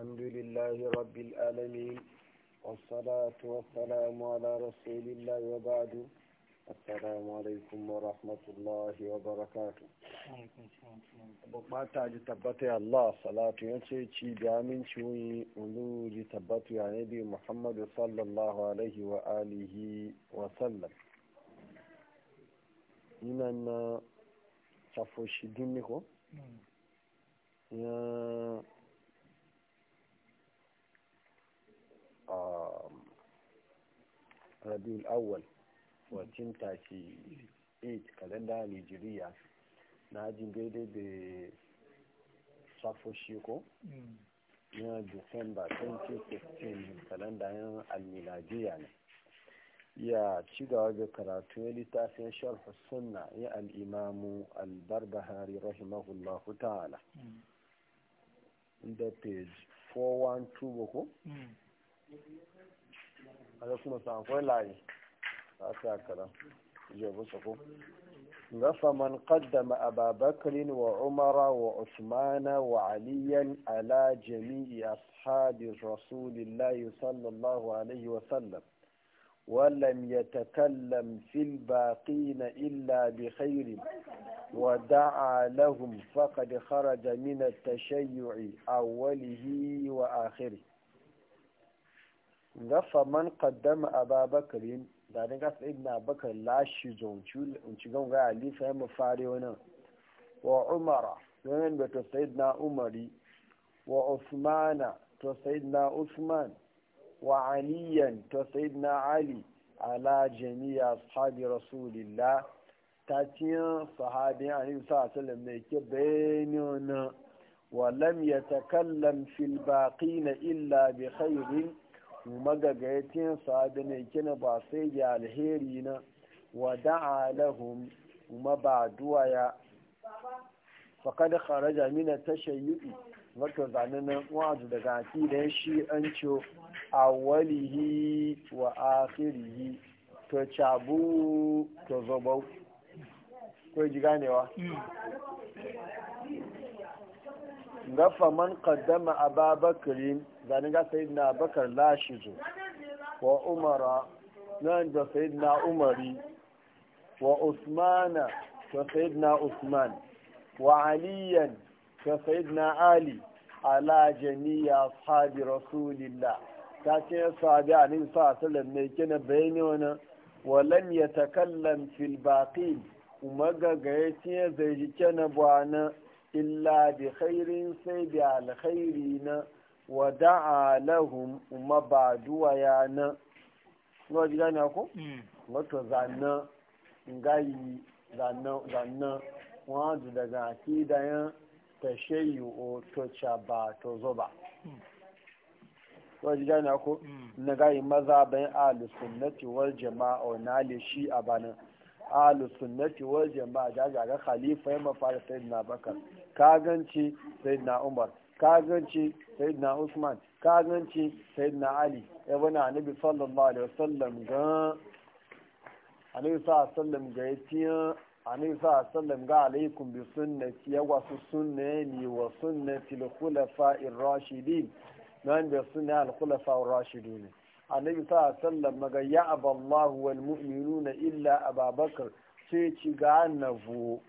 الحمد لله رب العالمين والصلاة والسلام على رسول الله وبعد السلام عليكم ورحمة الله وبركاته بقاطع تبتي الله صلاة ينسي بأمين شوي ولوج تبتي عن نبي محمد صلى الله عليه وآله وسلم ina na safo shi dimiko ya Um, rabiul awwal 1438 mm-hmm. kalenda nigeria na jin daidai da safo shiko mm. na december 2016 kalenda yin almiladiya ne ya ci gaba da karatu ya littafin sharhu sunna ya al'imamu albarbahari rahimahullahu ta'ala mm. da page 412 ko mm. alaikum man ko layi ta sa je ga faman ababakrin wa umara wa usmana wa aliyan ala jami'i ashabi rasulillahi sallallahu alaihi wa sallam ولم يتكلم في الباقين إلا بخير ودعا kharaja فقد خرج من التشيع أوله وآخره ga faman qaddama ababakar da da ga sai na bakar lashi zoncu in ci gan ga ali sai mu fare wa umara wannan da to sayyidina umari wa usmana to na usman wa aliyan to na ali ala jami'a ashabi rasulillah ta cikin sahabi alayhi sallam ne ke bayanin wa lam yatakallam fil baqina illa bi khairin magaga ya da ne kina ba sai ya alheri na wa da'a lahum ma ba duwa ya faƙad kharaja mina tashayyu'i wato zanen wazu daga da shi an a awwalihi wa akhirihi to cabu to zobau ko ji ganewa hmm. gafa man qaddama ababakrin zane ga sayid na bakar lashizo wa umara nan da sayid na umari wa usmana da sayid na usman wa aliyan da sayid na ali ala jami'a sahabi rasulillah ta ce sahabi a nin sa sallam ne kina bayani wani walam ya takallam fil baqin umaga ga ya ce zai ji kana bwana illa bi khairin sai bi alkhairi na wa da'a lahum umma ba duwa ya na ngo ji gani ako ngo mm. zanna ngai zanna zanna wa du daga akida ya tashayyu o to ba to zoba mm. ngo ji gani ako mm. na gai maza bayan ahlus sunnati wal jama'a na le shi bana ahlus sunnati wal jama'a da ga khalifa ya mafara sayyidina bakar ganci sayyidina umar kazanci sayyidina usman kazanci sayyidina ali ya bana anabi sallallahu alaihi wasallam ga anabi sallallahu alaihi wasallam ga yatiya annabi sallallahu alaihi wasallam ga alaikum bi sunnati ya wasu sunnati wa sunnati al ar rashidin nan da sunna al ar rashidin anabi sallallahu alaihi wasallam maga ya aballahu wal mu'minuna illa ababakar sai ci ga annabu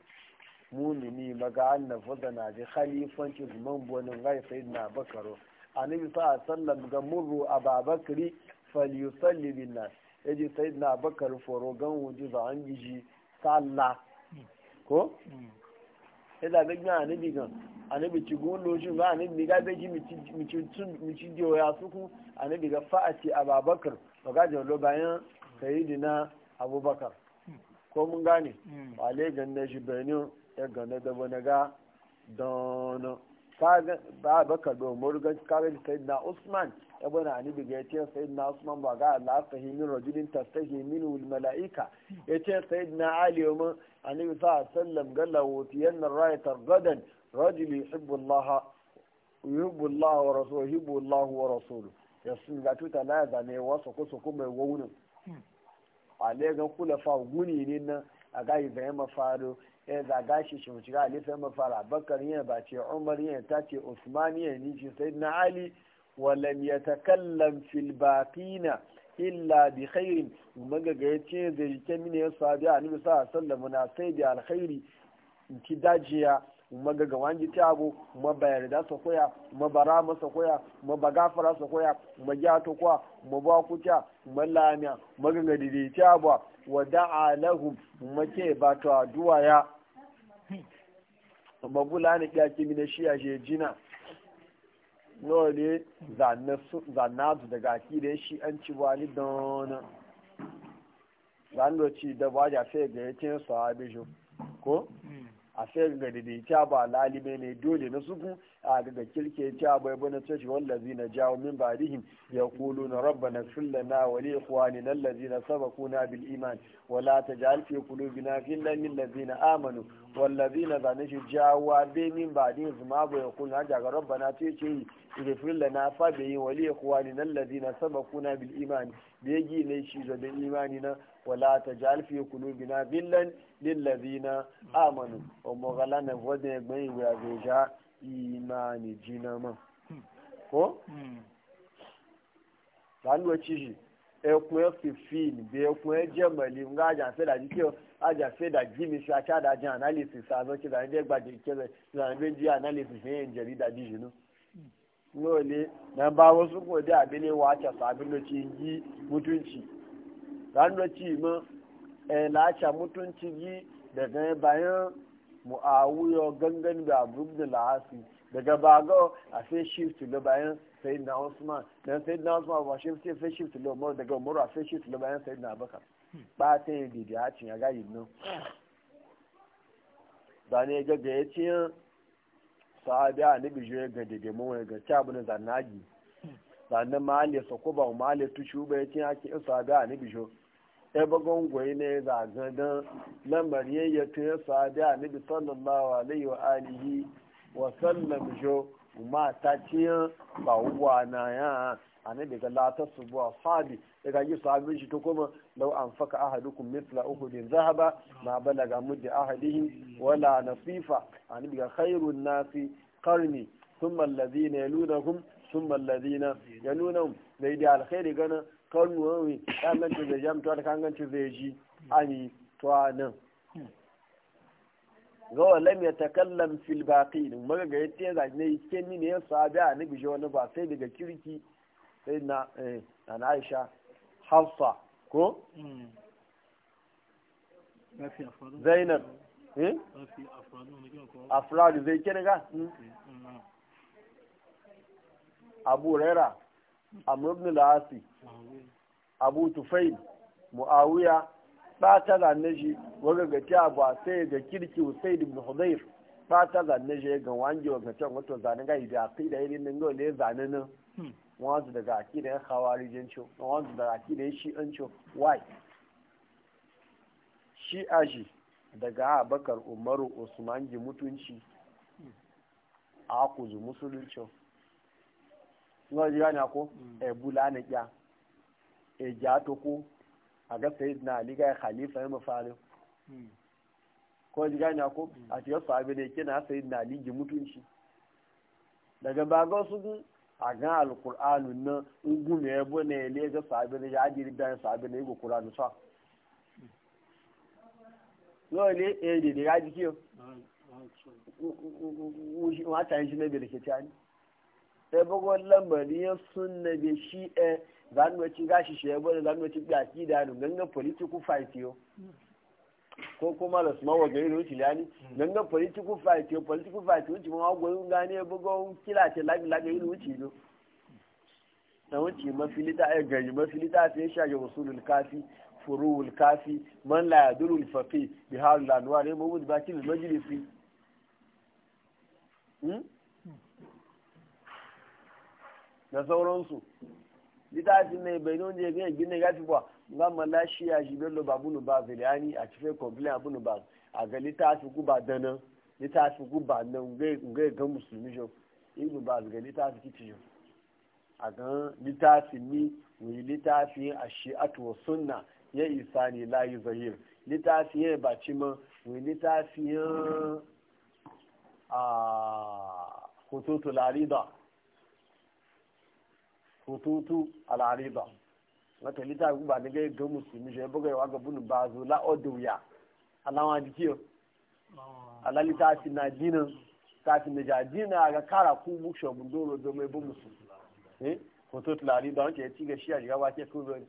mumini maga annan fuda na ji khalifanci zuman bonin rai sai na bakaro annabi sa a sallam ga murru a babakari falyusalli bin nas yaji sai na bakar foro gan wuji ba an giji salla ko ya zaɓe gan annabi gan annabi ci gun lojin ga annabi ga bai ji ci jiyo ya suku annabi ga fa'ati a babakar ga jalo bayan sayidina abubakar ko mun gane hmm. wale gan na shi benin ya gane da wani ga don ba baka domin gan kare sai na usman ya bana ani biga ya ce sai na usman ba ga Allah ta himin rajulin ta ta himin wal mala'ika ya ce sai na ali yau annabi a sallam galla wotiyan na raya targadan rajuli yuhibbu Allah wa rasuluhu yuhibbu wa rasuluhu ya sun ga tuta la zane wasu ko ko mai wawunin hmm. ale ga kula fa guni ne na a ga yi zai mafaro ya eh, zaga shi shi mu shiga alisa mafara bakar yin ba ce umar yin ta ce usman yin ni shi sai na ali walam ya takallam fil baqina illa bi khairin magaga ya ce zai rike mini ya sabi a nabi sa na sai da alkhairi ki dajiya magaga wanji tago ma bayar da sa koya ma bara masa koya ma gafara ta koya ma jato kwa ma ba kuta ma lamiya magaga ta abu wa da'a lahum ma ke ba ta duwaya babula ne kyaki kí shi a je jina nawa ne zanna su daga aki da shi an ci wani don ti ci da ba ja sai ga yakin sahabi shi ko a sai ga daidaita ba lalibe ne dole na suku a daga kirke ta bai bane ta shi wallazi na jawo min barihim ya kulu na rabba na fillana wa ni na na bil iman wala ta tajal fi qulubina amanu wallabi na zane shi jawa be min ba din zuma ba ya kun haja rabba na ce ce yi irifin da na fa bai yi wali ya kuwa ni nan lazi saba kuna bil imani da ya gina shi zo imani na wala ta ja alfi ya kulu bina billan lil lazi amanu o mogala na wajen ya gbani wuya zai ja imani jina ma ko? ta hannuwa ci shi ekwe fifin bai ekwe jemali nga ajan sai da jikin aja se da jimi si a ta da jin analysis a zo ki zane da gbaje ke zane da ji analysis ne yin jarida bi jinu na ba su ko da abin ne wace sabin da ci yi mutunci ran da ci ma eh lacha mutunci yi mu bayan mu'awuyo gangan da abubda lahasi daga bago a sai shift ga bayan sayyidina usman dan sayyidina usman ba shift sai shift lo daga umar a sai shift lo bayan sayyidina abubakar ɓata yin dede a cin yaga yin nan ba ne ga ga ya ce sahabi a nabi jiya ga dede mawa ga ci abu na zanagi sannan mahalle sako ba mahalle tushu ba ya ce ya ke sahabi a nabi jiya ya e bagon gwai ne zaga don lambar yayya ta ya a nabi sallallahu alaihi wa alihi wa sallam jiya ma ta ba a daga yi sahabin shi ta kuma lau an faka ahadukum mithla uhudin zahaba ma balaga muddi ahadihi wala nasifa an biga khairun nasi qarni thumma alladhina yalunahum thumma alladhina yalunahum dai da alkhairi gana karnu wani kanganci zai jam to da kanganci zai ji ani to nan ga walam ya takallam fil baqin maga ga yace za ne yake ni ne sahabi annabi jo wani ba sai daga kirki sai na eh na Aisha hafsa ko zainab hmm. afradu zai kira ga abu rera amurubin la'asi abu tufai mu'awiya ɓata zanne shi waga ga ta ba ga kirki hussein ibn hudayr ɓata zanne shi ga wange wa ga can wato zanen ga idan akai da irin nan ga ne zanen nan hmm. wanzu daga akida ya khawarijanci wanzu daga akida ya shi'anci why shi aji daga abakar umaru usman ji mutunci a kuzu musulunci wọ́n ji yana bula na kya e ja to ko a ga sayid na aliga ya khalifa ya mafarin ko ji gani ako a tiyar sabi ne kina sayid na aliga mutunci daga bagon su a gan alkur'anu na ugu ne ya bane ne ga sabi ne ya ajiri bayan sabi ne ga kur'anu sa yau ne eh da daga jiki yau wata yin shi na bilke ta ne sai bago lambari ya sunna da shi eh zanuwa ci gashi shi ya bane zanuwa ci gaki da ganga politiku fight yau ko kuma da suma wajen irin wuce liyani don ga political fight yau political fight wuce mawa gwayin gane bugon kila ce lagi lagi irin wuce yau na wuce mafi lita a gari mafi lita sai shage wasu kafi furu kafi man la yadurul fafi biharul lanuwa ne mawuz bakin majalisi da sauransu littafin ne bai nuna ya gina gafi ba nga mala shi ya shi bello ba bunu ba ziliyani a cikin complain bunu ba a ga littafi ba dana littafi guba nan ngai ga musulmi jo ibnu ba ga littafi kici jo a ga littafi ni wi littafi a shi'atu wa sunna ya isa ne la yi zahir littafi ya baci ma wi littafi a hututu larida hututu al-arida wata lita ku ba ni gai ga musulmi shi buga yawa ga bunu ba zo la odo ya alama di kiyo alali ta fi na dinin ta fi na jadina ga kara ku bukshe bundoro do mai bu su. eh hoto tulari da wanke ya ci ga shi a shiga ba ke ku zai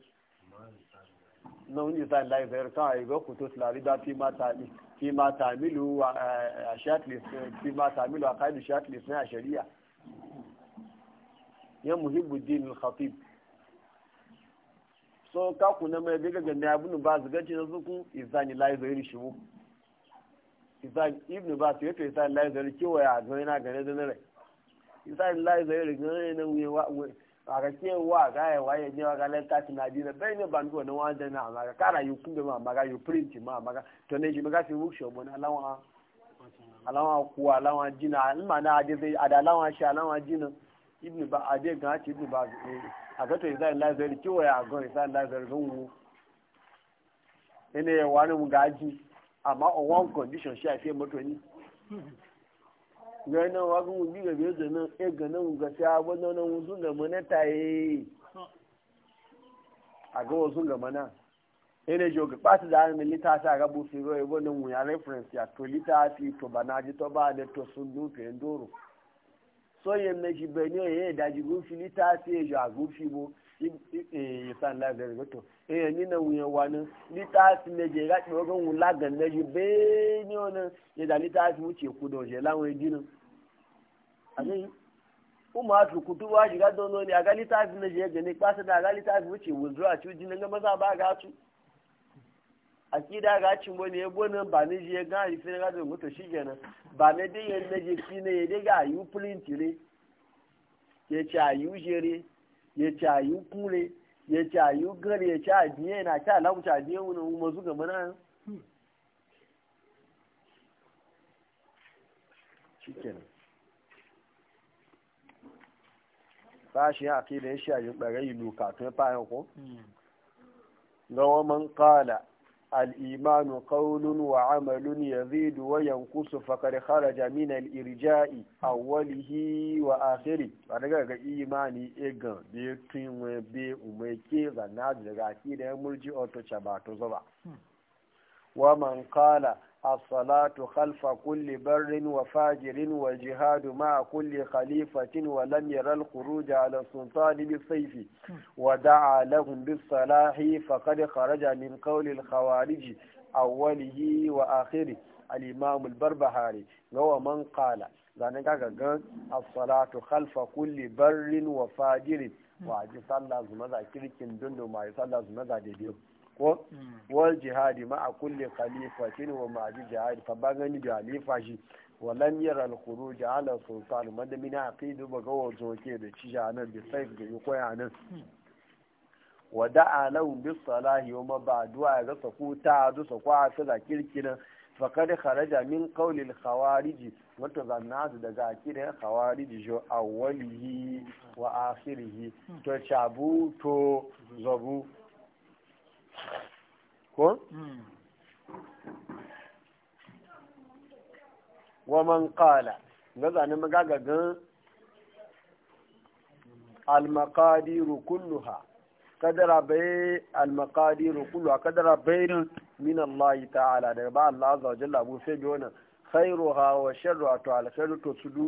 na wani ta lai bayar kan a yi ga hoto tulari da fi mata ne fi mata milu a shatlis fi mata milu a kaidu shatlis na a shari'a yan muhibbu din al-khatib so ka kuna mai daga ganda ya bunu ba zuganci na zuku izani lai zai shi mu izani ibnu ba su yato izani lai zai kewa ya zai na gane da nare izani lai zai ri gane na wuye wa a ga kewa ga ya waye ne wa ga lai ta na bi na bai ne ban ko na wanda na ma ka kara yi kun da ma ga yi print ma ma ga to ne shi ma ga fi workshop mun alawa alawa ku alawa jina in ma na ade zai ada shi alawa jina ibnu ba ade ga ci ibnu ba zai eh, àkẹ́tọ̀ ìsáì láìsẹ̀rí kí wọ́n yà àgọ́ ìsáì láìsẹ̀rí ló yi wo nínú ẹ̀wà ni mo gà á jí àmọ́ ọ̀wọ́ condition ṣe àìsí mọ́tò ní. gbẹ̀rẹ̀ náà wọ́n kún bí gẹ̀gẹ̀ ẹ̀gẹ̀ ga ẹ̀gẹ̀ náà ń gẹ̀sẹ̀ abọ́ náà ń sún gẹ̀mọ́ nẹ́ta yìí àgọ́ wọn sún gẹ̀mọ́ náà. ina da hannun lita ta rabu su roe wani wuya reference ya to lita fi to banaji to ba da to sun dufe doro sọyẹ mẹsì bẹ ní ẹyẹ ìdajì gúnfi lítà sí èyọ àgúnfi bo ìsàn lágbẹrẹ gbẹtọ èyẹ nínú wùyẹn wà ní lítà sí mẹjẹ láti ọgọ wù lágàn mẹjọ bẹẹ ní ọ̀nà ìdá lítà sí wùtì èkó dọ̀ ọ̀jẹ̀ láwọn ẹdí nù. àlẹyìn wọn máa fi kutu wá ṣìgá dán lórí àgá lítà ní pásítà àgá lítà sí wùtì akida ga cin wani ya gona ba ne je ga yi fere ga da mutu shi kenan ba ne dai yan na je shi ne ya dai ga yi print ne ya ci a yi jere ya ci a yi kure ya ci a gari ya ci a biye na ci a lamu ci a biye wani umar su ga mana shi kenan ba shi akida ya shi a yi ɓarayi lokatun fayan ko hmm. ga wa man kala الإيمان قول وعمل يزيد وينقص فقد خرج من الإرجاء أوله وآخره فنقا إيماني إيغان بيكين وبي أميكي ذناد لغاكي نمرجي أوتو شباتو زبا ومن قال الصلاة خلف كل بر وفاجر والجهاد مع كل خليفة ولم يرى الخروج على السلطان بالصيف ودعا لهم بالصلاح فقد خرج من قول الخوارج أوله وآخره الإمام البربهاري هو من قال الصلاة خلف كل بر وفاجر وعجي صلى الله عليه وسلم wa ji sallah يصلى الله عليه وسلم Hmm. wal jihadi ma a kulle khalifatin wa ma ji jihadi fa bangani jalifa shi wa lam yara alkuru da ala sultan wanda mini a kai duba ga wajen ke da ci da saif da yi koya nan hmm. wa da'a alawun bi salahi wa ba duwa ya zasa ku ta zasa ku a tsada kirkinan fa min kaulil khawariji wata zanna su daga kiran khawariji jo awwalihi wa akhirihi hmm. to chabu to zabu ko hmm. man kala ga zanen magagagan almakadiru kulluha kadara bai almakadiru kulluha kadara bai min Allah ta'ala daga ba Allah azza wa jalla bu sai bi wannan khairuha wa sharruha to alkhairu to sudu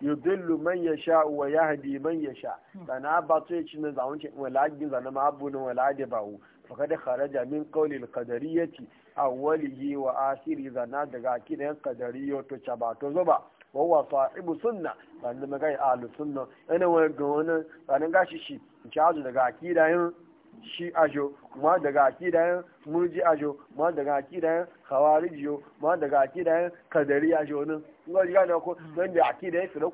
yudillu man yasha wa yahdi man yasha hmm. sana ba to yace nan zawon ce wala gin zana ma abu nan wala da bawo faqad kharaja min qawli al-qadariyati awwalihi wa akhiri zana daga kidan qadariyo to chaba to zuba wa huwa sahibu sunna sannan magai ahlu sunna ana wa ga wannan sanan gashi shi in daga yin shi ajo ma daga akidayen murji ajo ma daga akidayen khawariji yo ma daga akidayen kadari ajo ne ngo ji gane ko dan da ku akidayen filo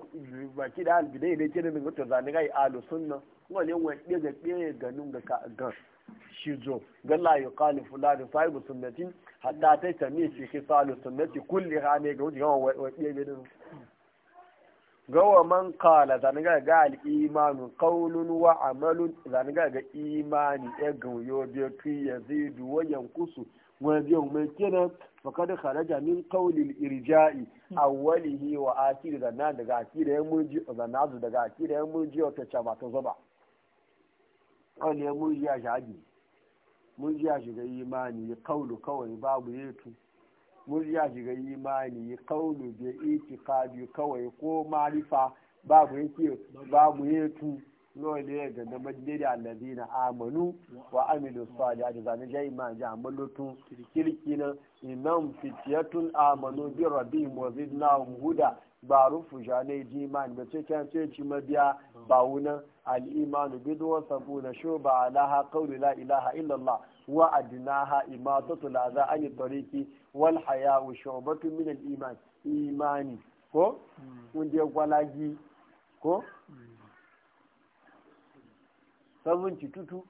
akida albidai ne kenan ne to zani ga alu sunna ngo ne wa de ga de ganun ga ka ga shi zo galla la qali fulani sahibu sunnati hatta ta tami fi khisalu sunnati kulli ha ne ga wuce ga wa de ga gawa man kala zane ga ga al'imanu kaulun wa amalun zane ga ga imani ya gauyo biya tuyi ya zidu wa yankusu wani biyan mai kina fakad kharaja min qawlil irja'i awwalihi wa akhir zanna daga akira ya murji zanna zu daga akira ya murji tacha ba ta zaba wani ya murji ya shaji murji ya shiga imani ya kaulu kawai babu yetu murya shiga imani kaunu da itikadi kawai ko marifa babu yake babu yetu lole ga da madde da amanu wa amilu salihati zan jai ma ja amalutu kirkina imam fitiyatun amanu bi rabbihim wa na huda ba rufu da ce kan ce ci mabiya ba wuna al-imanu bidwa sabuna shuba alaha qawlu la ilaha illallah wa adnaha imatatu la za an tariki wal haya wa shawbatu min al iman imani ko hmm. mun je gwalagi ko sabunci tutu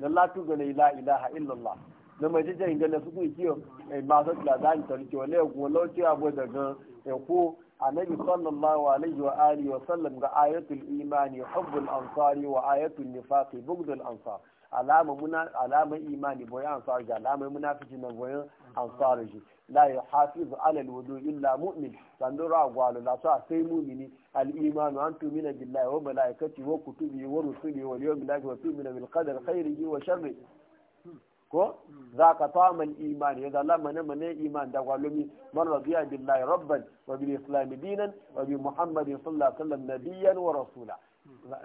na latu ga la ilaha illallah na mace jan gana su kun kiyo mai eh, masu tsadani tarki wale ya eh, kuma lauci abu daga ya ko annabi sallallahu alaihi wa alihi wa sallam ga ayatul imani hubbul ansari wa ayatul nifaqi bughdul ansar alama muna alama imani boye ansar ji alama munafiki na boye ansar ji la yuhafizu ala alwudu illa mu'min sandoro agwalu la sa sai mu'mini al-iman an tumina billahi wa malaikati wa kutubi wa rusuli wa yawmil akhir wa tumina bil qadar khairihi wa sharrihi ko za ka samun imani ya zala mana mana iman da walumi man radiya billahi rabban wa bil islam dinan wa bi muhammadin sallallahu alaihi wasallam nabiyyan wa rasula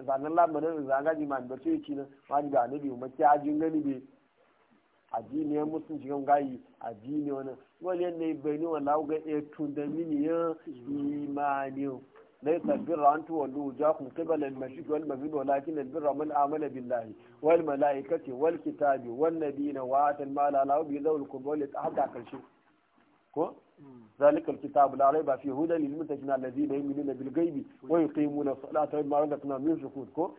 zanen lamarin zaga jiman da sai ci nan wani ga nabi umarci ajin gani bai addini ya musun cikin gayi addini wani wani ne bai ni wala ga ya e da mini ya imani lai sabbin ran tuwa lu ja kun kibal al mashiq wal maghrib walakin al birra man amala billahi wal malaikati wal kitabi wan nabiyina wa atal mala lahu bi dawil qurba ta tahadda karshe ko ذلك الكتاب لا ريب فيه هدى للمتقين الذين يؤمنون بالغيب ويقيمون الصلاة ومما رزقناهم ينفقون كو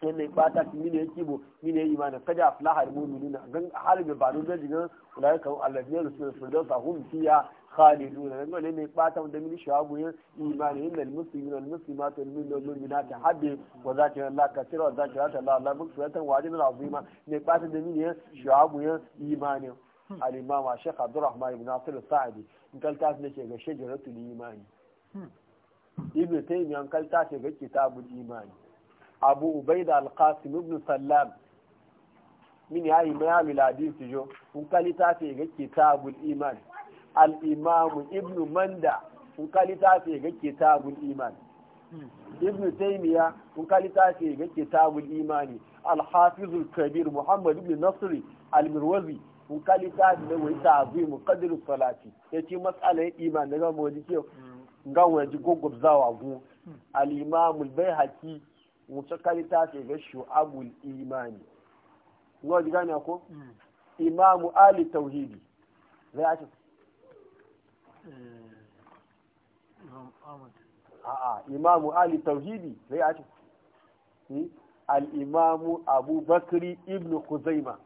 sai mai bata shi mine yake bo mine yi imanin kada aflaha almu'minun gan halibi ba don zai jigan ulai kan allazina da firdaus hum fiya khalidun dan ne mai bata da mini shagu yin imani inna almuslimin almuslimat almu'minun almu'minat habbi wa zakira allah kathira wa allah allah wa azima mai bata da mini yin imani Hmm. al'imama shekha abdurrahman ibn asir sa'adi in kalta su nake ga shajaratul imani hmm. ibn taymiyyah in kalta ce ga kitabul imani abu ubaida al-qasim ibn sallam min yayi mayami su jo in kalta ce ga kitabul imani al-imam ibn manda in kalta ce ga kitabul imani ibn taymiya in kalta littafi ga kitabul imani hmm. al-hafiz al-kabir muhammad ibn nasri al-mirwazi kun kalita da wai tabi mu qadru salati matsala matsalar iman daga mu wadi kiyo ga waje zawa gu alimamul bai haki baihaqi mu ta kalita ce ga shu'abul imani ngo diga ne ko imamu ali tauhidi zai ace a'a imamu ali tauhidi zai ace hmm? al Abu Bakri ibn khuzaimah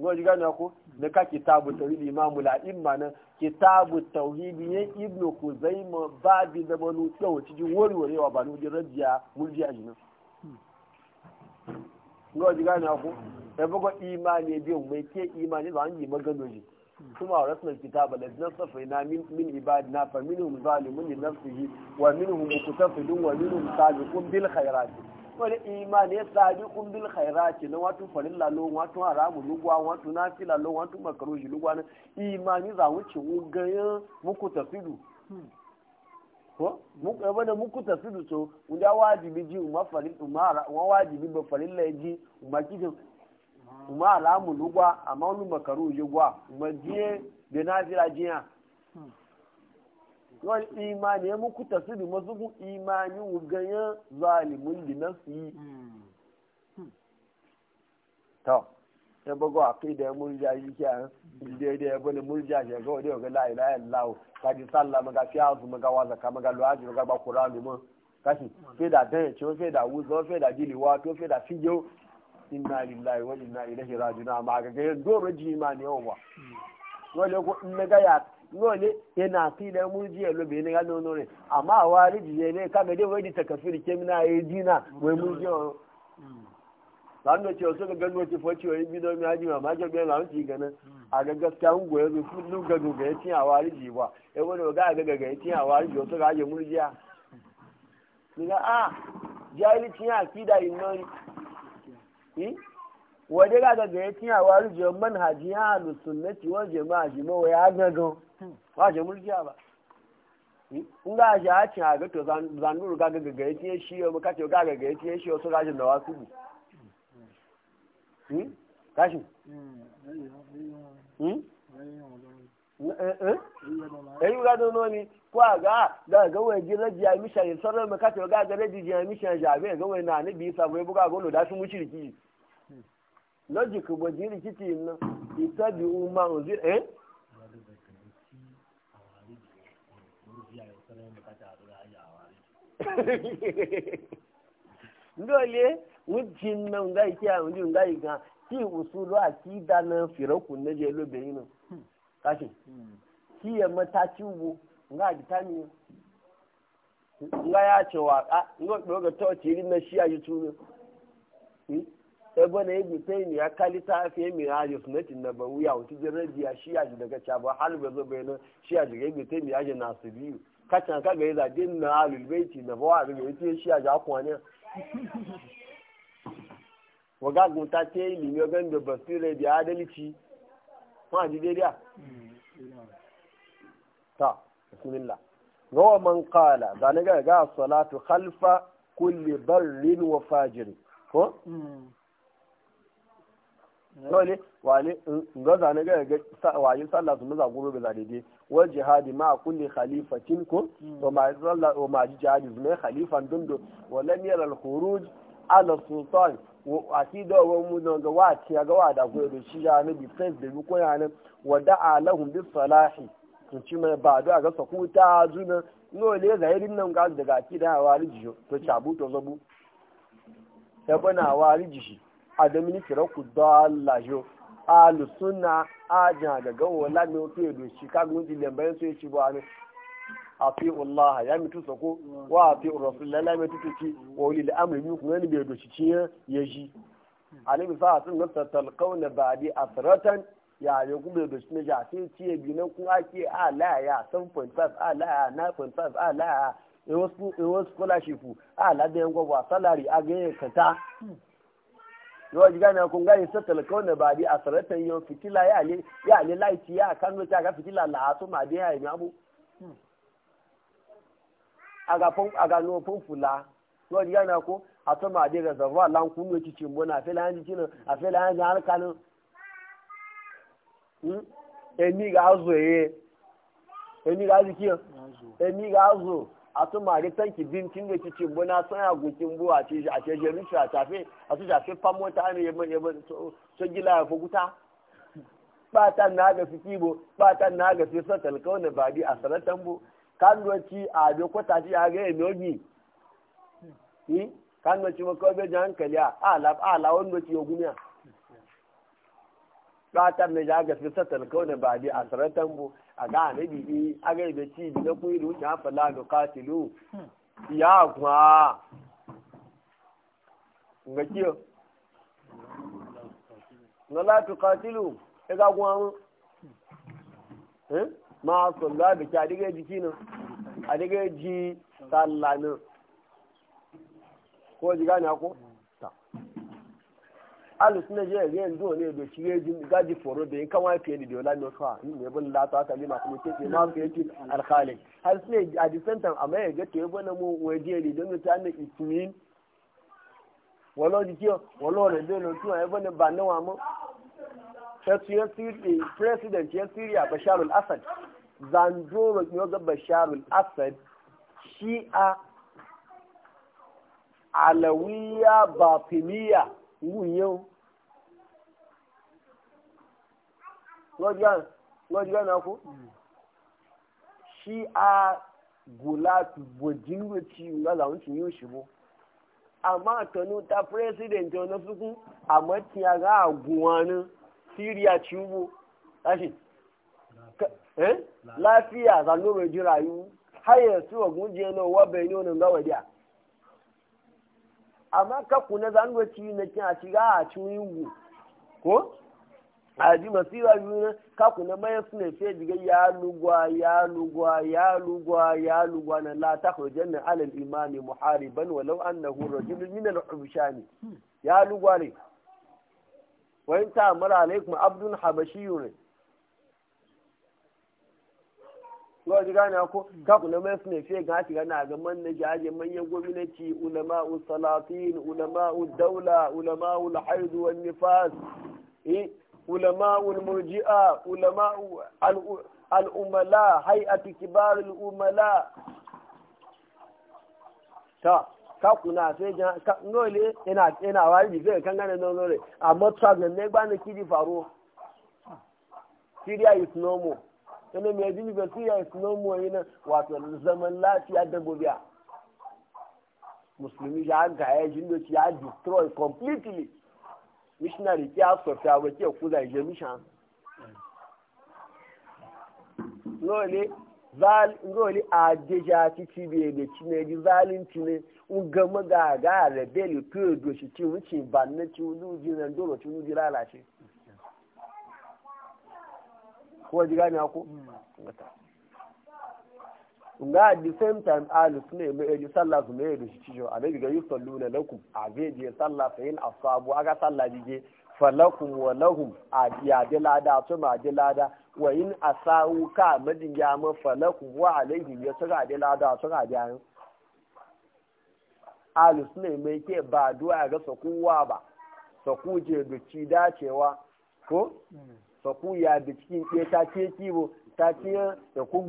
ngo ji gane ko da ka kitabu tauhid imam al-imma na kitabu tauhid ne ibnu ku zai kuzaima babi da banu tsawo cikin wa ba nu jirjiya murjiya jinan ngo ji gane ko da bugo imani biyu mai ke imani ba an yi magano ji kuma a rasul kitaba da nasafa na min ibadina fa minhum zalimun li nafsihi wa minhum muqtasidun wa minhum sabiqun bil khairat wani imani ya sabi kumbil ce na watu farin lalo watu haramu lugwa watu nafila lalo watu shi lugwa na imani za wuce wugayen muku tafidu ko muku yaba eh, da muku tafidu so wanda wajibi ji umma farilla umma wajibi ba farilla ya ji umma kijin umar haramu lugwa amma wani makarushi lugwa umar jiye da nafila lajiya wani imani ya muku tasiri masu ku imani wugayen zalimin linasi to ya bago a kai da ya murja shi ke an daidai ya bane murja shi ga wadai ga la ilaha illallah ka ji sallah maga fi azu maga waza ka maga luwaji maga ba qur'ani mun kashi fe da dan ce fe da wuzo fe da diliwa to fe da fijo inna lillahi wa inna ilaihi raji'un ma ga ga doro ji imani yawa wale ko in ga ya ngole yana fi da muji ya lobe ne gano nore amma a wari jije ne kame dai wai ta kafir ke mina ya dina wai muji ya ọrụ. da cewa suka gano ci fa cewa bi do mi haji ma ma jabe lan ci gana hmm. a e ah, ga gaskiya un goye bi ga ga ya a wari ji ba e wani ga ga ga a wari ga ga a ci ya ga ya a wari jo jama'a ya wajen mulkiya ba in ga shi a cin to zanuru ga ga gaggaye tiye shi yau muka ce ga gaggaye tiye shi wasu rajin da wasu ne kashin ẹ̀yí ga dọ́nà ni kó àgá gàgàwọ̀ ẹ̀jẹ̀ lẹ́jì àmìṣà yìí sọ́dọ̀ mi káṣẹ̀ ọ̀gá àgá lẹ́jì jẹ́ àmìṣà ẹ̀jẹ̀ àbẹ́ ẹ̀gọ́wọ̀ ẹ̀ náà níbi ìsàbọ̀ ẹ̀bùkà dole wujin nan ga iki a ga iga ki usulu akida na firaku na je lobe beyin no kashi ki ya mata ci nga ditani nga ya ce a ngo doga to ci na shi a yutu ebe na ibi ya kalita fi mi a yi sunati na ba wuya wuti jiraji ya shi a daga caba har a ya kacin ka ga yaza din na alulbaiti na bawa ga yace shi a jakuwa ne waga gunta ce ilimi ya da basira da adalci ma ji daidai ta bismillah gawa man kala ga na ga salatu khalfa kulli barrin wa fajiri ko mm. dole wale ga zane ga ga wayin sallah su maza guru da zadede wal jihadi ma kulli khalifatin ko wa ma sallah wa ma jihadi ne khalifan dun wa lam yara al khuruj ala sultan wa akida wa mu don ga wa ci ga wa da ko da shi ya bi sai da ko ya ne wa da'a lahum bi salah to ci mai ba da ga sakuta juna dole zahirin nan ga daga akida wa rijo to chabu to zabu tabana wa rijishi adamini kira ku dala yo alu suna ajan gaga wala mi ofe edo shi kagun ti lemba yin so yi ci ba ne afi Allah ya mi mitu sako wa afi rasulullah la mitu tuki wa uli al-amri min kun ne be do shi ciye ya ji alim sa sun ga talqawna ba'di asratan ya ya ku be do shi ne ja sai ciye bi nan kun ake ala ya 7.5 ala ya 9.5 e e a ya wasu wasu scholarship ala da yan gwagwa salary a ga kata yau ji gane kun gane sai talakau na bari a saratan yau fitila ya ne ya ya kan wuce aka fitila la hasu ma ya yi aga ga aga no fula a to ma dai reservoir lan kun wuce cin bona fe lan ji cin a fe lan ji har kanu hmm eni ga zo eni ga eni ga zo a tun mari tanki bin tun da kici buna suna gukin buwa a ce rufe a tafe a su shafi famo ta ne yaba yaba to gila ya fuguta ba ta na ga su kibo ba ta na ga su sa talkau na ba a sanatan bu kanuwaci a bai kwata ci a ga yano bi kanuwaci makawai bai ji hankali a ala wani da ciyo gumiya fatan mai jaga fi satan kauna ba bi a saratan bu a ga anabi bi a ga ibe ci bi na kuyi ruci ha fala no katilu ya kwa nga kiyo na la tu katilu e ga kwa mu eh ma so la bi ka diga ji kino a diga ji ko ji gane ko ta alusuna je ga yanzu ne da shi ya ji gaji foro da yankan wani fiye da yola mai fa ni ne bin lata aka lima kuma ke ke ma fiye ke alkhalin har su ne a disantan amma ya ga ke bana mu waje ne don ta ne ismin wala di kiyo wala da don to ya bana ba nawa mu ta tiyo president ya sirri a bashar al-assad ba ne ga bashar al-assad a alawiya batiniya wuyan wọ́n jẹ́ náà kó shi a gola wajen wuce na launcin yau shi bo amma kano ta president na suku a matiya ga a guwanin siriya ciwo tashi lafiya zanen rajin rayu har wa gunje na wa bayani wani gawadiya amma kakku na zanen wuce na kin a shiga a ciwo ko aji masira yuna kaku na mayan suna fiye diga ya lugwa ya lugwa ya lugwa ya lugwa na la ta na alal imani muhariban walau annahu rajulun min al ne ya lugwa ne wani ta mara alaikum abdun yi ne ko ji gani ko kaku na mayan suna fiye ga shiga na ga man na jaje manyan gwamnati ulama salatin ulama daula ulama al-haid wan nifas eh ulama'ul murji'a ulama'u al'umala hay'atu kibarul umala ta ka kuna sai jan ka ngole ina ina wari sai kan gane no no amma tsa ne ne ba ne kidi faro Syria is no more kana me yaji ba Syria is no more ina wato zaman lafiya da gobiya musulmi ya ga ya jindo ya destroy completely missionary ki a sọfẹ awẹ ki ẹkú la ìjẹ mission lóòlì zaali lóòlì àdéjà àti tìbí èdè tìǹbì èdè zaali tìǹbì ngẹmọ gàgà rẹ bẹẹlí pé èdè tí wọn ti bà ní tí wọn lù jí dọrọ tí wọn jí lálàá ṣe. ní akó. nga at the same time ahlus sunna mai yaji sallah su mai yaji cijo annabi ga na lakum a ah, zai je sallah fa yin asabu aga sallah fa falakum wa lahum a ah, ya dilada to ma lada wa in asawu ka madin ya ma falakum wa alaihi ya suka dilada suka jayan ahlus sunna eh, mai ke ba du'a ga sakuwa ba saku je ci dacewa ko hmm. saku ya biki ke ta ce kibo ta ce da ku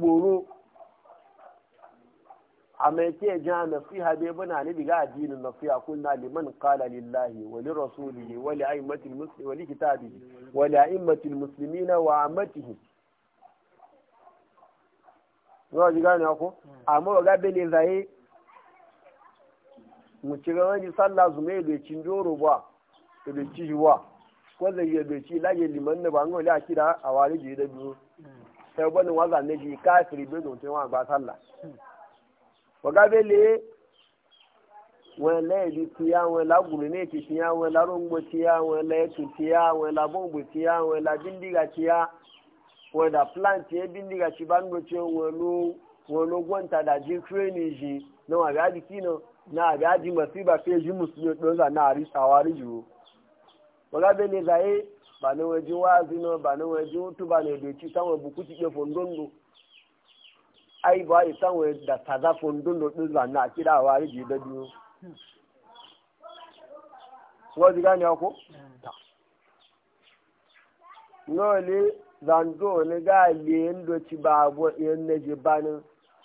amma yake ja nasiha bai bana ne diga addinin nasiha kulna liman qala lillahi wa li rasulihi wa li a'immatil muslimin wa li kitabihi wa li a'immatil muslimina wa amatihi no diga ne ko amma ga bele zai mu ci ga wani sallah zume da cin doro ba da ci jiwa ko da ya da ci laje liman ne ba ngole akida awari ji da biyu hmm. sai bani waza ne ji kafiri bai don tewa ba sallah ọ̀gá bẹ́lẹ̀ wọn lẹ́ẹ̀dì ti yá wọn lágùrù ní ètì ti yá wọn lárúgbó ti yá wọn ti yá ti ti wọn dà plant yẹn ti bá ń gbé tí wọn ló gbọ́n tàdà gbọ́ǹta dàjí yìí náà àbí àdìkí náà náà àbí àdì mọ̀síbà pé èyí mùsùlùmí tó ń náà àrí àwárí yìí o. ọ̀gá bẹ́lẹ̀ ai ba yi sanwe da ta za ndụ dundu ɗin zanna a kira wa rigi da biyu wazi gani ko nole zando e ne ga liyan doci ba na je banin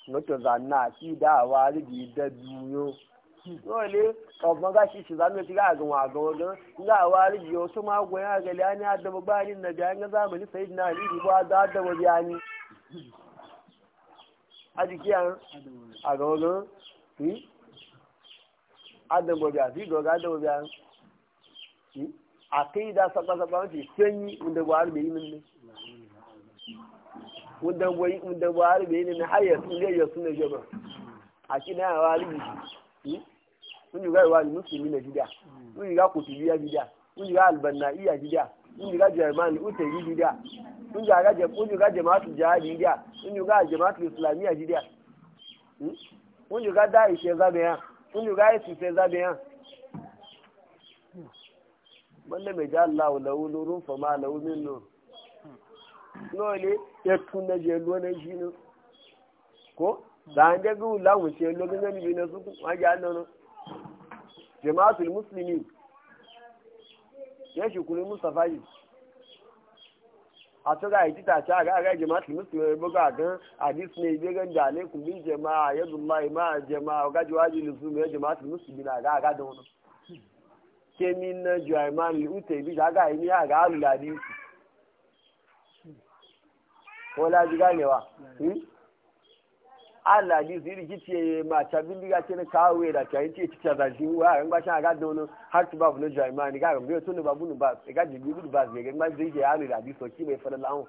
mutu zanna a kira wa rigi da biyu nole ga shi shi ci ga wa wajen ga wa rigi wasu ga liyani na zamani na rigi ba da biyani ajiki a a gawagan yi adambobi a zigo ga adambobi a yi a kai da sakwa-sakwa mafi sanyi inda buhari bai yi min ne inda buhari bai yi ne har yasu ne yasu ne jaba a kina yawa rikici sun yi ga iwa musulmi na jida sun yi ga kutubiya jida sun yi ga albanna iya jida in ga jerman uta yi bidiya in ga in ga jama'atu jihadi bidiya in ga jama'atu islamiyya bidiya in ga da'i ce zabe ya in ga yesu ce zabe ya wanda mai ja Allah lahu nurun fa ma lahu min nur lole ya tunna je lona shi ne ko da an da gu lahu ce lona ne bi na su ma ja nan jama'atul muslimin e ṣe ọkùnrin mustapha yìí àtọ́gà ìdíta tí àgá àgá ìjọba tí mùsùlùmí ẹgbẹ́gbẹ́ àgán àdísìnà a ń dà lẹ́kùn bí jẹma àyẹ́dùnmá ìmá jẹma ọ̀gájú wájú lùsùlùmí ẹjọba tí mùsùlùmí ní àgá àgá dánwó. kémi ń nájú àìmá ní ùtẹ̀ ìbí àgá ìní àgá àlùlà ní ìsìn. wọ́n lájú ala ji ziri ji ce ma ta bindiga ce na kawo da ta yi ce ta da wa ran ba shan har tu ba bunu jaima ni ga rambe tun ba bunu ba ga ji gudu ba ga ma zai ani da bi so ki mai fara lawo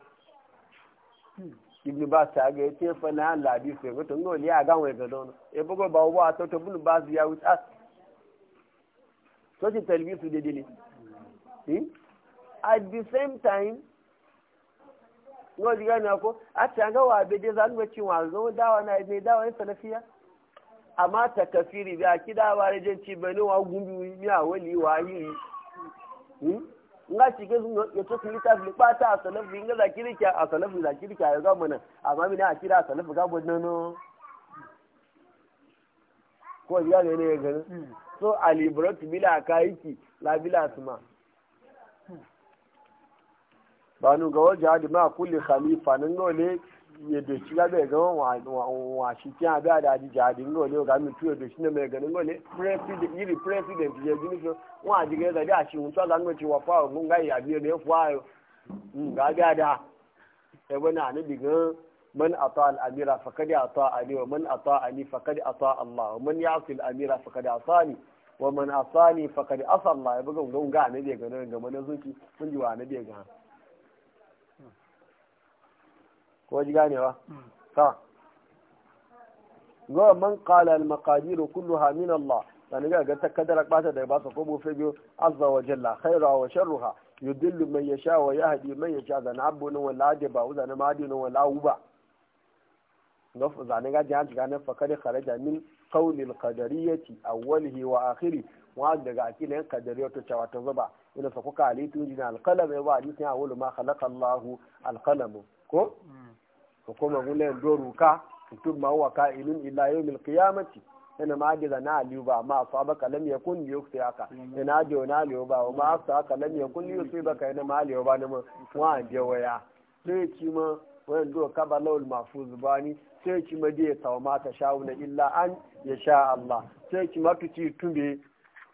ibn ba ta ga ce fa na la bi ko tun no li aga wa ga dono e bugo ba to bunu ba ya wuta ah. so ji talbisu de dele hmm? at the same time ngo diga na ko a ga wa be de zan wacin wa zo dawa na ne dawa ne salafiya amma ta kafiri da kida ba da jin ci bane wa gumbi mi a wali wa yi hmm? nga ci ke sun ya to sun ta fi bata a salafi nga zakiri ki a salafi zakiri ka ya ga mana amma mi na kira salafi ga bonna no ko ya ne ne ga hmm. so Ali alibratu bila kaiki la bila suma banu ga wajen hadi ma kulle khalifa nan gole ya da shi bai ga wa shi kyan abin da hadi jihadi gole ga mutu ya shi na mai ganin gole yiri president ya gini so wa ji ga zabi a shi mutu ga nuna cewa fa mun ga ya biyo ne fa mm, ga ga da sai e wani anabi ga man ata al amira faqad ata ali wa man ata ali faqad ata allah wa man ya'ti al amira faqad atani wa man asani faqad asa allah ya e buga ga anabi ga nan ga mana zuci mun ji wa anabi ga ko ji ganewa hmm. ta ga man qala al maqadiru kulluha min Allah dan ga ga ta kadara bata da ba su ko bufe biyo azza wa jalla khaira wa sharruha yudillu man yasha wa yahdi man yasha da na wa nan ba uzana ma da nan wala uba ga zane ga jihar ga nan fakari kharaja min qawli al qadariyati awwalihi wa akhiri wa daga akilan qadariyatu to cewa ta zuba ina fa kuka alitu jina al qalam wa ba awwalu ma khalaqa Allahu al qalam ko hmm. ka koma doru ka mutum ma wa qa'ilun ila yawmil qiyamati ina ma ajiza na aliyu ba ma asaba ka lam yakun yuksi aka ina ajiyo na aliyu ba ma asa ka lam yakun yuksi baka ina ma aliyu ba na wa je waya sai ci ma wayan do ka ba lawul mahfuz bani sai ci ma je taw ma ta sha'una illa an ya sha Allah sai ki ma tuti tumbe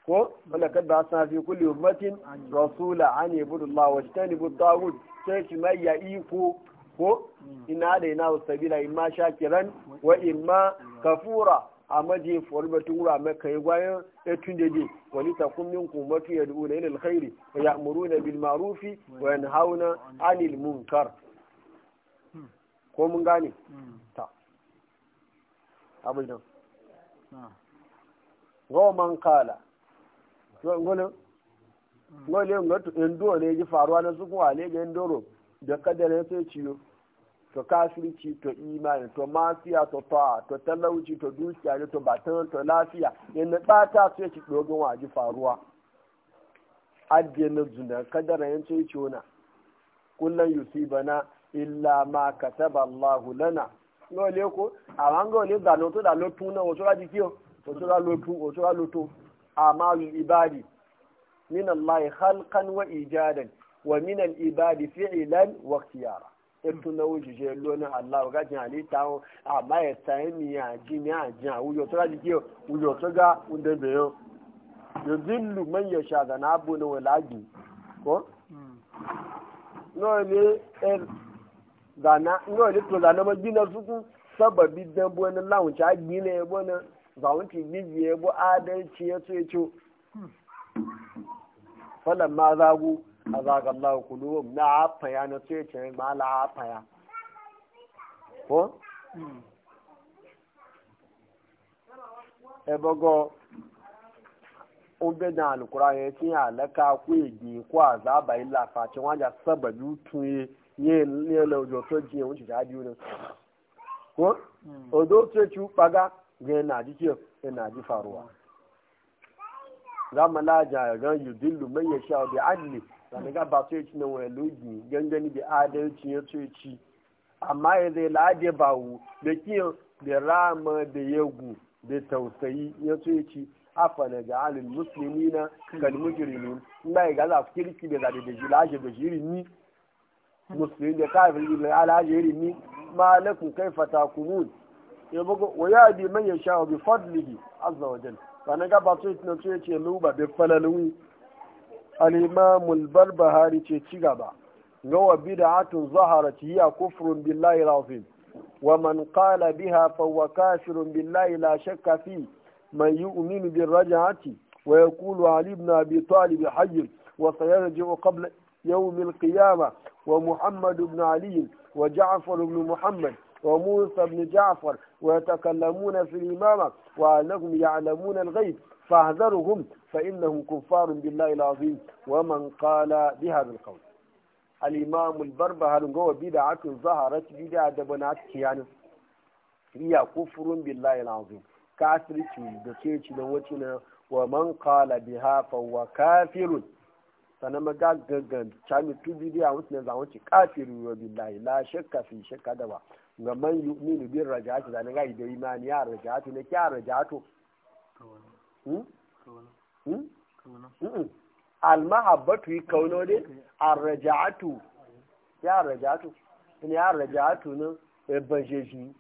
ko wala kad ba sa fi kulli ummatin rasula an yabudu wa tajtanibu at sai ki ma ya iko ko ina da ina sabila imma shakiran wa ma kafura a maje fuwar batun wura maka yi bayan ya tun da je wani takun kumatu ya dubu na ilil khairi ya amuru na bil marufi wa hauna anil munkar ko mun gane ta roman kala ngolin ngolin ngolin ngolin ji faruwa ngolin ngolin ngolin ngolin ngolin doro da kadara ya sai ciyo to kafirci to imani to mafiya to ta'a to talauci to dukiya ne to batun to lafiya yana ɓata sai ci dogon waji faruwa ajiye na zuna kadara ya sai ciyo na kullum yusibana illa ma kataba Allahu lana lọ ilé ko a angọ́ ilé ìgbàna tó dà na tún náà òṣòra di kí o òṣòra ló tún ra ló tó àmàlù ìbáàdì min láì halkan wa ijadan wa min al-ibadi fi'lan wa ikhtiyara ètò náwó jìjẹ lónà aláwọ gájìn àlétà wọn àbá ẹ̀ta ẹ̀mí àjí ní àjí àwùjọ tó láti kí ọ wùjọ tó gá ọdẹbẹ̀ yàn yòdì lù mẹ́yẹ ṣàdánà ààbò náà wọ̀ láàjì kọ́. náà lè tó dáná mọ́ gbíná sukùn sábà bí dánbó ẹni láwọn tí a gbin náà ẹbọ náà báwọn ti gbé yìí ẹbọ ádá ẹ̀ tiẹ̀ tó ẹ̀ tó. fọlá máa rágó. azaga Allah qulubum na afaya na ce ce ma la afaya ko ebogo obe da alukura ya ci alaka ku igi ku azaba illa fatin waja sababu tuye ye ne lojo to ji won ti ko odo ce paga na na faruwa zama ga yudillu man yasha bi daga ba su yi na wani logi gangani da adalci ya su ci amma ya zai lade bawu da kiyan da rama da yagu da tausayi ya su ci afa na ga alin musulmi na kan mujirimi ina ga za su kirki da zaɗe da jilashe da ni musulmi da kafin da alaje ni ma lakum kai fata kumun ya bugu wa ya bi man ya sha bi fadlihi azza wa jalla sanan ga ba su yi na su ya ce luba bi al'imamul barbahari ce ci gaba ga wa bid'atun zaharat hiya kufrun billahi azim wa man qala biha fa huwa kafirun billahi la shakka fi man yu'minu bir raj'ati wa yaqulu ali ibn abi talib hayy wa Muhammadu bn يوم القيامة ومحمد بن علي وجعفر بن محمد وموسى بن جعفر ويتكلمون في الإمامة وأنهم يعلمون الغيب فاحذرهم فإنه كفار بالله العظيم ومن قال بهذا القول الإمام البربهر هو بدعة ظهرت بدعة دبنات كيان هي كفر بالله العظيم كافر بكيت ومن قال بها فهو كافر sannan maga gangan cami tu bidiya wasu ne zama ci kafiru wa billahi la shakka fi shakka da ba ga man yu'minu bin raja'atu da ga imani ya raja'atu ne kya raja'atu Hmm? Hmm. almahabbatu yi kauno ne arraja'atu ya arraja'atu ne ya arraja'atu ya baje shi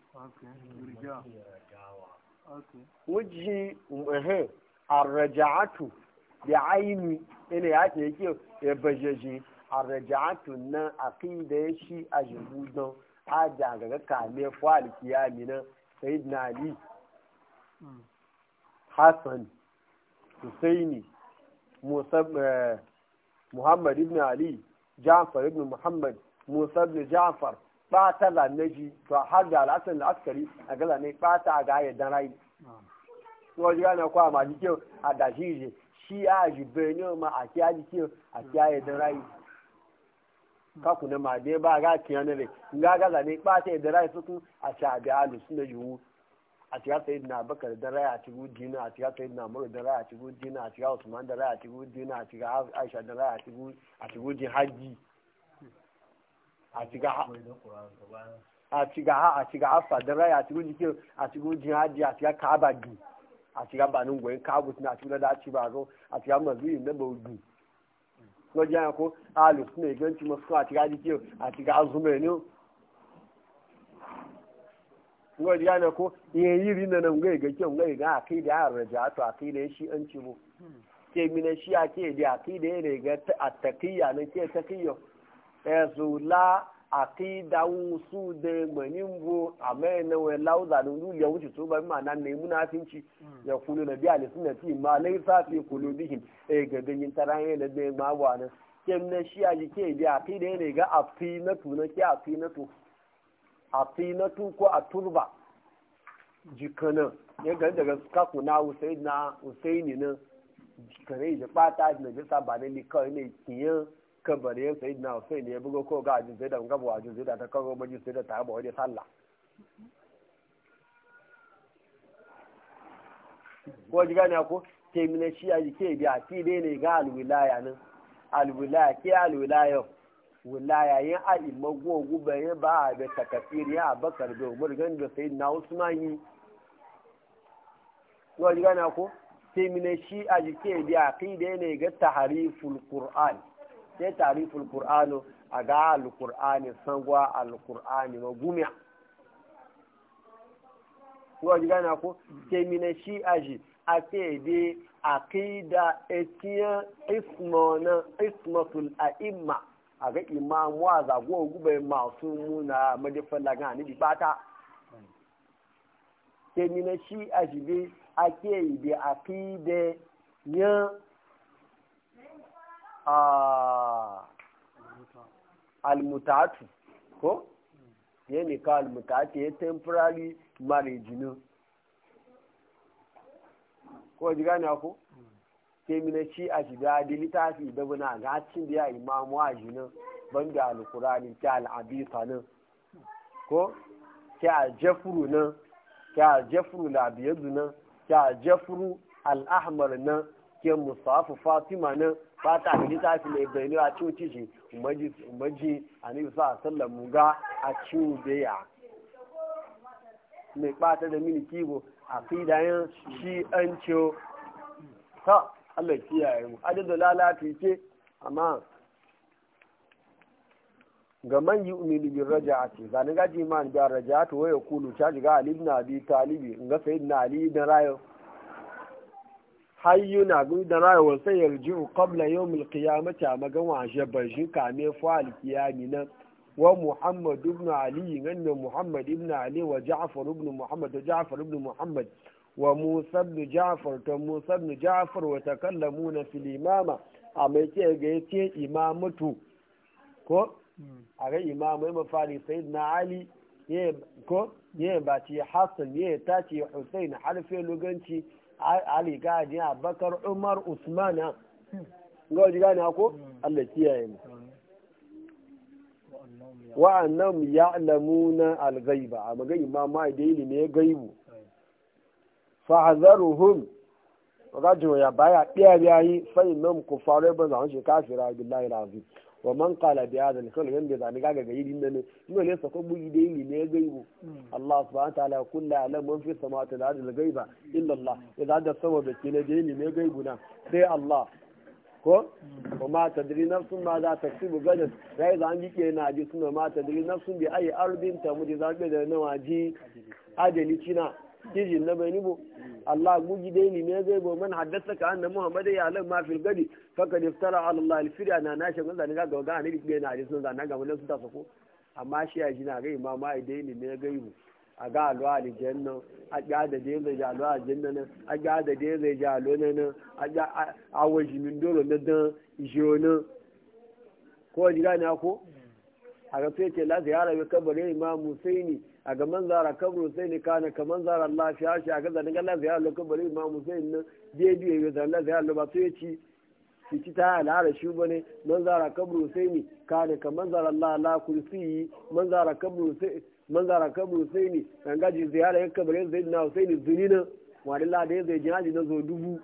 ehe arraja'atu da aini ina ya ce yake ya baje shi arraja'atu na aqida ya shi a jibu don kame kwaliki ali hmm. hassan husaini eh, muhammad ibn ali ja'far ibn muhammad musa ibn ja'far bata lanaji to har da al'asan askari a gaza ne bata ga ya dan rai to ji ana kwa ma ji kyau a da shi je shi a ji benyo ma a kiya ji kyau a kiya ya dan rai ka ku na ma dai ba ga kiya ne ga gaza ne bata ya dan rai su a sha da alu su ne juwu a tiya sai na bakar da raya a cikin dina a tiya sai na mura da raya a cikin dina a tiya usman da raya a cikin dina a tiya aisha da raya a cikin din haji a tiga a ha a tiga afa da raya a cikin jikin a cikin din haji a tiya kaaba du a tiya banin goyin kabut na cikin da ci ba zo a tiya mazuri na baudu lọ́jọ́ yẹn kó alùpùpù ẹ̀gbẹ́ tí mo sọ àti ká di kí o àti ní o. ngo ji gane ko yin eh, yiri na nan gai gake ngai ga akai da arraja to akai da shi an ci mu ke mina shi ake da akai da ne ga attaqiya ne ke taqiyo ezula eh, akai da su da manimbo amma na wai lauza da dulu ya wuce to ba ma nan ne munafinci hmm. ya kulu na biya lisna fi ma laysa fi qulubihim e ga ganin na da ma wa ne ke mina shi ake da akai da ne ga afi na to na ke afi na to a tinatu ko a turba jikanan ya gani daga kaku na usaini nan jikare da fata da jisa ba ne kawai ne kiyan kabar ya sayi na ne ya buga ko ga ajin zaida gaba wa ajin zaida ta kawo sai da ta haɓa wani sallah ko ji gani ko ke mina shi a jike biya ki dai ne ga alwilaya nan alwilaya ke alwilaya yin a imago bai ba a da takafiri a bakar da umar gani da sai na usman yi wani gana ko sai mina shi a jike da da ne ga tahariful qur'an sai tahariful qur'an a ga alkur'ani sangwa alqur'ani magumiya wani gana ko sai mina shi a ji a sai da aqida etiyan ismona ismatul a'imma a ga imamu a zago gube masu muna madafan lagan ni bi bata ke ni na shi a jibe ake yi bi a fi da a almutatu ko ya ne ka almutatu ya temporary marriage ne ko jiga ne ako sai mina shi a shiga da littafi da buna ga cin da ya imamu a shi nan ban da alkurani ta al'abisa nan ko ta aljafuru nan ta aljafuru labiyadu nan a aljafuru al'ahmar nan ke musafu fatima nan ba ta da littafi mai bayani a coci shi umarji a nufi sa sallar ga a ciwo da ya mai bata da mini kibo a fidayen shi an ciwo ta Allah kiyaye mu da lalata ce amma ga man yi umini bin raja'ati zani gaji man bi raja'atu wa yaqulu ta jiga ali ibn abi talibi in ga sayyidina ali da rayo na gu da rayo wa sai yarji'u qabla yawm mace a magan wa jabashi kame me al-qiyami nan wa muhammad ibn ali ganna muhammad ibn ali wa ja'far ibn muhammad wa ja'far ibn muhammad wa musa bin ja'far to musa bin ja'far wa takallamu na fil imama a mai ce ga yace imamatu ko a ga imamai mafali sayyidina ali ko ye ba ci hassan ye ta ci hussein harfe luganci ali gadi abakar umar usman ga wajen gani ko allah kiyaye mu annam ya'lamuna al-ghaiba amma ga imama da ilimi ya gaibu fa'azaruhum rajin ya baya ɗaya ya yi fayin nan ku faru ban zama shi kafira billahi lazi wa man qala bi hadha al-qawl yan bi zalika ga gayi din nan ne ne sako bu ide ni ne gaibu Allah subhanahu wa ta'ala kullu alam man fi samawati wal ardi al gaiba illa Allah idan da sama da kine da ni ne gaibu na sai Allah ko kuma tadri nafsun ma za ta kasibu gadan sai zan ji ke na ji suna ma tadri nafsun bi ayi ardin ta mu ji zabe da nawaji ajali cina kiji na bai nibo Allah guji dai ni me zai goma na haddasa ka annabi Muhammad ya alam ma fil gadi Faka iftara ala Allah al firya na na shagun zan ga ga ne bi na hadisin zani ga wannan sun ta sako amma shi ya jina ga imama ai dai ni me gaibu a ga alo alijanna a ga da dai zai ja alo aljanna nan a ga da dai zai ja na nan a ga a waji min doro na dan jona ko ji na ko a ga sai ce la ziyara bi kabarin imam Husaini a ga manzara kabru sai ni kana ka manzara zara Allah fi shi a ga zanin Allah zai hallo bari ma musayin ne je biye ga zanin Allah zai hallo ba sai ci ki ci ta alara shi bane man zara kabru sai ni kana ka manzara Allah la kursi man zara kabru sai manzara kabru sai ni an gaji ziyara yan kabarin zai na sai ne zunina wadilla da zai jinaji na zo dubu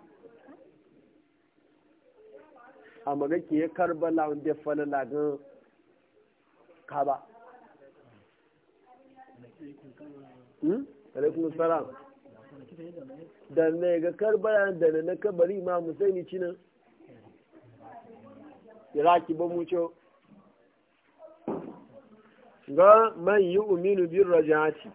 amma ga ya karbala wanda falala ga kaba Hmm? alaikun salam da na ga karbara da na na kabari ma musaini cinan iraki ba mu cewa ga man yi uminu bin rajati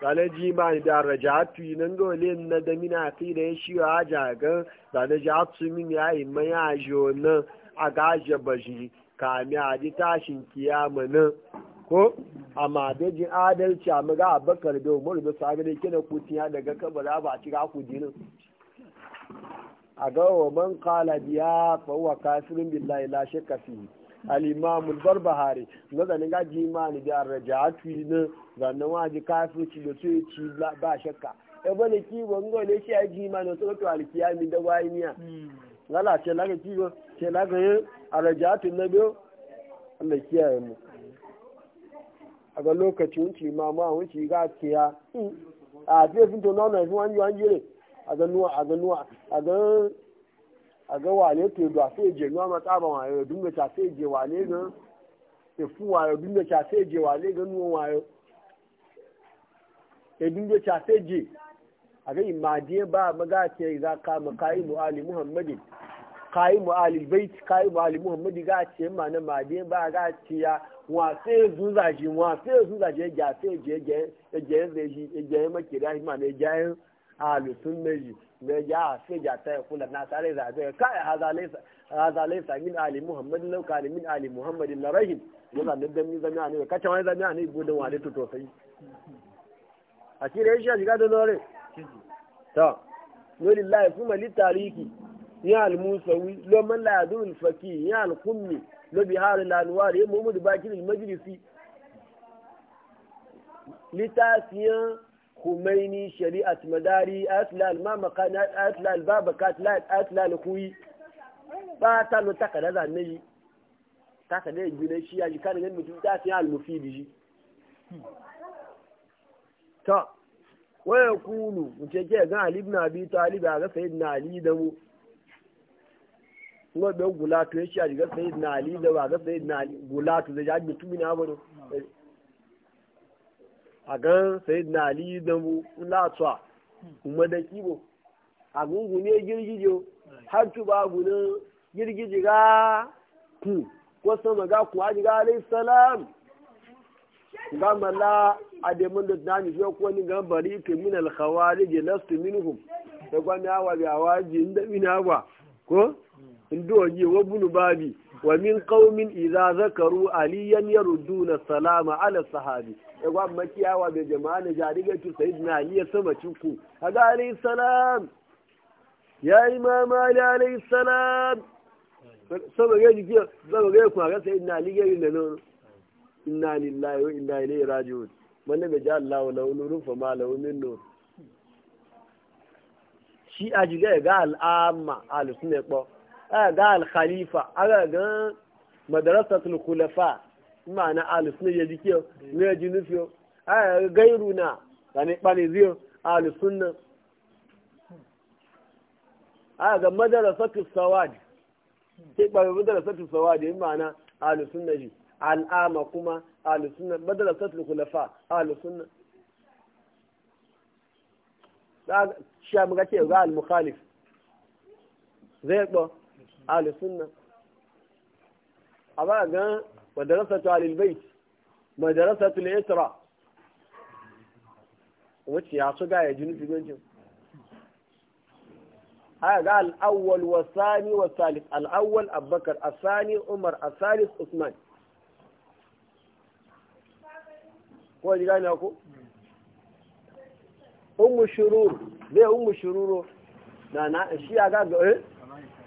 kala ji ma da rajatu nan ga wale na da mina fi da ya shi a jagan da na jatu min ya yi mai ajo nan a gaje ka kami a ji tashin kiyama nan ko amma da jin adalci a maga abakar da umar da sabi da kina ya daga kabara ba a cika ku jinin a ga wa man kala biya fa huwa kafirin billahi la shakka fi al-imam bahari barbahari nazanin gaji imani da arja'atu ne zanen waji kafirci da su ci ba shakka e bane kiwo ngo ne shi a imani to to al da wayniya ngala ce laga kiwo ce laga arja'atu a Allah kiyaye mu a ga lokacin ci ma ma wuce ga ya. a fiye sun tona wani fi wani yawan jire a ga nuwa a ga nuwa a ga a ga wale to da sai je nuwa ma tsaba wayo dunga ta sai je wale ga ya e fu wayo dunga ta sai je wale ga nuwa wayo ya e dunga ta sai je a ga imadiye ba maga ce za ka makayi mu'ali muhammadin kayimu mu alibaiti kayimu mu ali ga ce ma na madi ba ga ce ya wa sai zuza shi wa sai ya sai je je je zai shi je makira shi ma ne jayin ahlu sunnaji ya sai ja ta kula na tare da zai kai haza laysa haza laysa min ali muhammad law kana min ali muhammad la da ne kace wani zamiya ne budan wani to to sai a kire shi shiga da dore to walillahi kuma litariki ya al-musawi lo man la yadul faqi ya al-qummi lo bihar al-anwar ya muhammad bakir al-majlisi litasiyan khumaini shari'at madari atla al-mama kan atla al-baba katla atla al-khuyi ba ta lo takada da nayi takada gine shi ya kan ne mutum ta siyan al-mufidi shi ta waya kulu mu ce ke ga ali ibn abi talib ga sayyidina ali da mu kuma bai gulatu ya ce a jigar sayid na ali da ba ga sayid na ali gulatu da jami tumi na abu a gan sayid na ali da mu latuwa kuma da kibo a ne girgijo har tu ba gudun girgiji ga ku ko sama ga ku haji ga alai salam ga mala a da da dani ko ko ni ga bari ke min al khawarij lastu minhum da gwani awa bi awaji inda min awa ko ndo yi wa bunu babi wa min qaumin idza zakaru aliyan yarudduna salama ala sahabi e wa makiyawa be jama'a ne ga tu sayyidina ali ya sama ciku kaga alayhi salam ya imam ali alayhi salam sama ga jiki sama ga ku ga sayyidina ali ga yin nan inna lillahi wa inna ilaihi raji'un man bai ja Allah wala nurun fa ma lahu min nur shi ajiga ga al'amma alusunne kpo aga ga al-khalifa aga ga madarasatul khulafa ma'ana alusuna ya ji kiyo ne ya ji nufiyo aga ga gairu na bani bane al-sunna aga ga madarasatul sawadi sai ba madarasatul sawadi ma'ana al al-sunna ji al'ama kuma al-suna, alusunna madarasatul khulafa alusunna sha muka ce ga al-mukhalif zai ko ahli sunna amma ga madrasatu ahli bait madrasatu al-isra wacce ya su ga ya jini figoncin haya ga al-awwal wa sani wa salis al-awwal abubakar asani umar asalis usman ko ji gane ku ummu shurur bai ummu shururo na na shi ya ga ga eh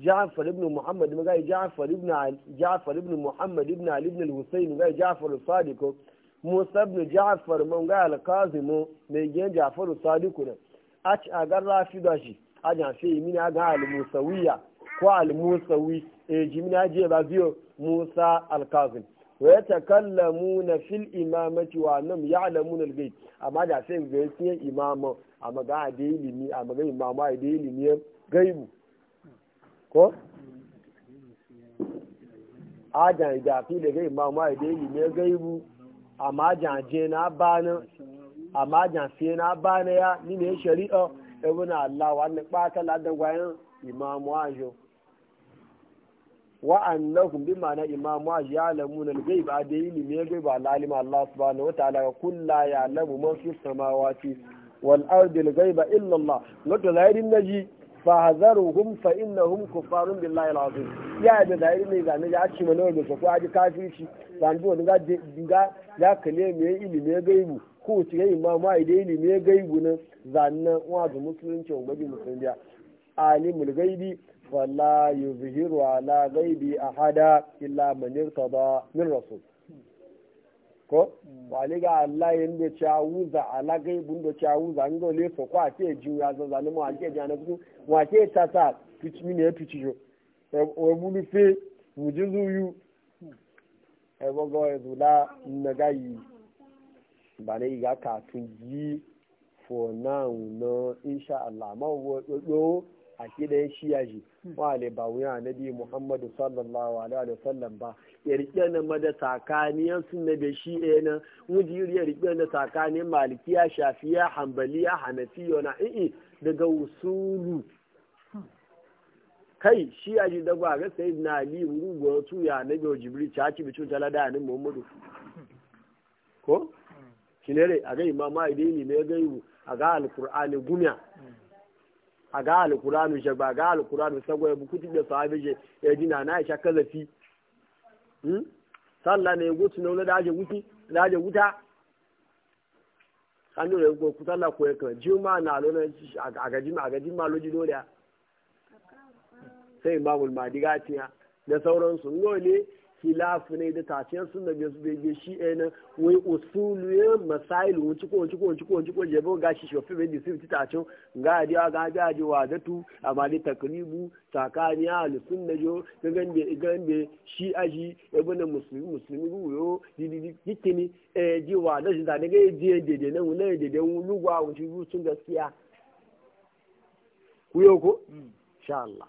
جعفر ابن محمد مغاي جعفر ابن جعفر ابن محمد ابن علي ابن الحسين مغاي جعفر الصادق موسى ابن جعفر مغاي القاسم مجاي جعفر الصادق أش أجر رافضة داشي اجا في مين اغا الموسوية كوا الموسوي مين اجي بازيو موسى القاسم ويتكلمون في الإمامة وأنهم يعلمون الغيب أما جا في غيب إمامة أما جا ديلي مي أما جا إمامة ديلي مي غيبه ko ajan da fi da gai ma ma da yi ne gaibu amma jan je na bana amma jan fi na bana ya ni ne shari'a e ibn Allah wa ne kwata ladan gwayan imamu ajo wa annahum bi ma'ana imamu ajo ya lamu na gai ba da yi ne gai ba lalima Allah subhanahu wa ta'ala kullu ya lamu man fi samawati wal ardi al ghaiba illa Allah wato zahirin naji fahazaruhum fa innahum kuffarun billahi alazim ya da da ne ga ne ya ci mana wani ko aji kafirci ban do ga ga ya kale me ilimi gaibu ko ci ga imamu ai da ilimi gaibu nan zanna wa da musulunci wa bi musulunci alimul gaibi wala yuzhiru ala gaibi ahada illa man irtada min rasul ko wale ga Allah yin da cha wuza ala gaibun da cha wuza ngo le so ko a ji ya zanzani mu ake ce na su wake tata pichi mini ya pichi jo webulu e, fe mujizu yu ebogo ezula nnaga yi bane yi ga katun yi for now no insha Allah ma wo do akida shi yaji hmm. wa le ba wuya nabi Muhammadu sallallahu alaihi sallam ba ya rike na mada tsakaniyar sunna da shi e na wujiri ya rike na tsakaniyar malikiya shafiya hambaliya hanafiya na i'i daga usulu kai shi ya ji dagwa ga sayid na ali rugu wasu ya na biyu jibiri caci bicin talada ne muhammadu ko shi ne a ga imama idai ne na gaibu a ga alkur'ani gumiya a ga alkur'ani shagba a ga alkur'ani sagwa ya bukutu da sahabi je ya dina na ya sha kazafi Hmm? sallah ne gutu na wani daje wuti daje wuta kanu da ya ku sallah ko kan juma na lo na a gaji ma gaji ma loji dole sai imamul madiga tiya da sauransu ngole khilafu ne da taciyar sun da biyu bai shi ɗaya wai usulu ya masailu wanci ko wanci ko wanci ko wanci ko jebe ga shi shofi bai disu ti tacin ga adi ga ga adi wa da tu amma dai takribu takani ya lusun da ga shi aji ibn muslimi muslimi yo di di ku insha Allah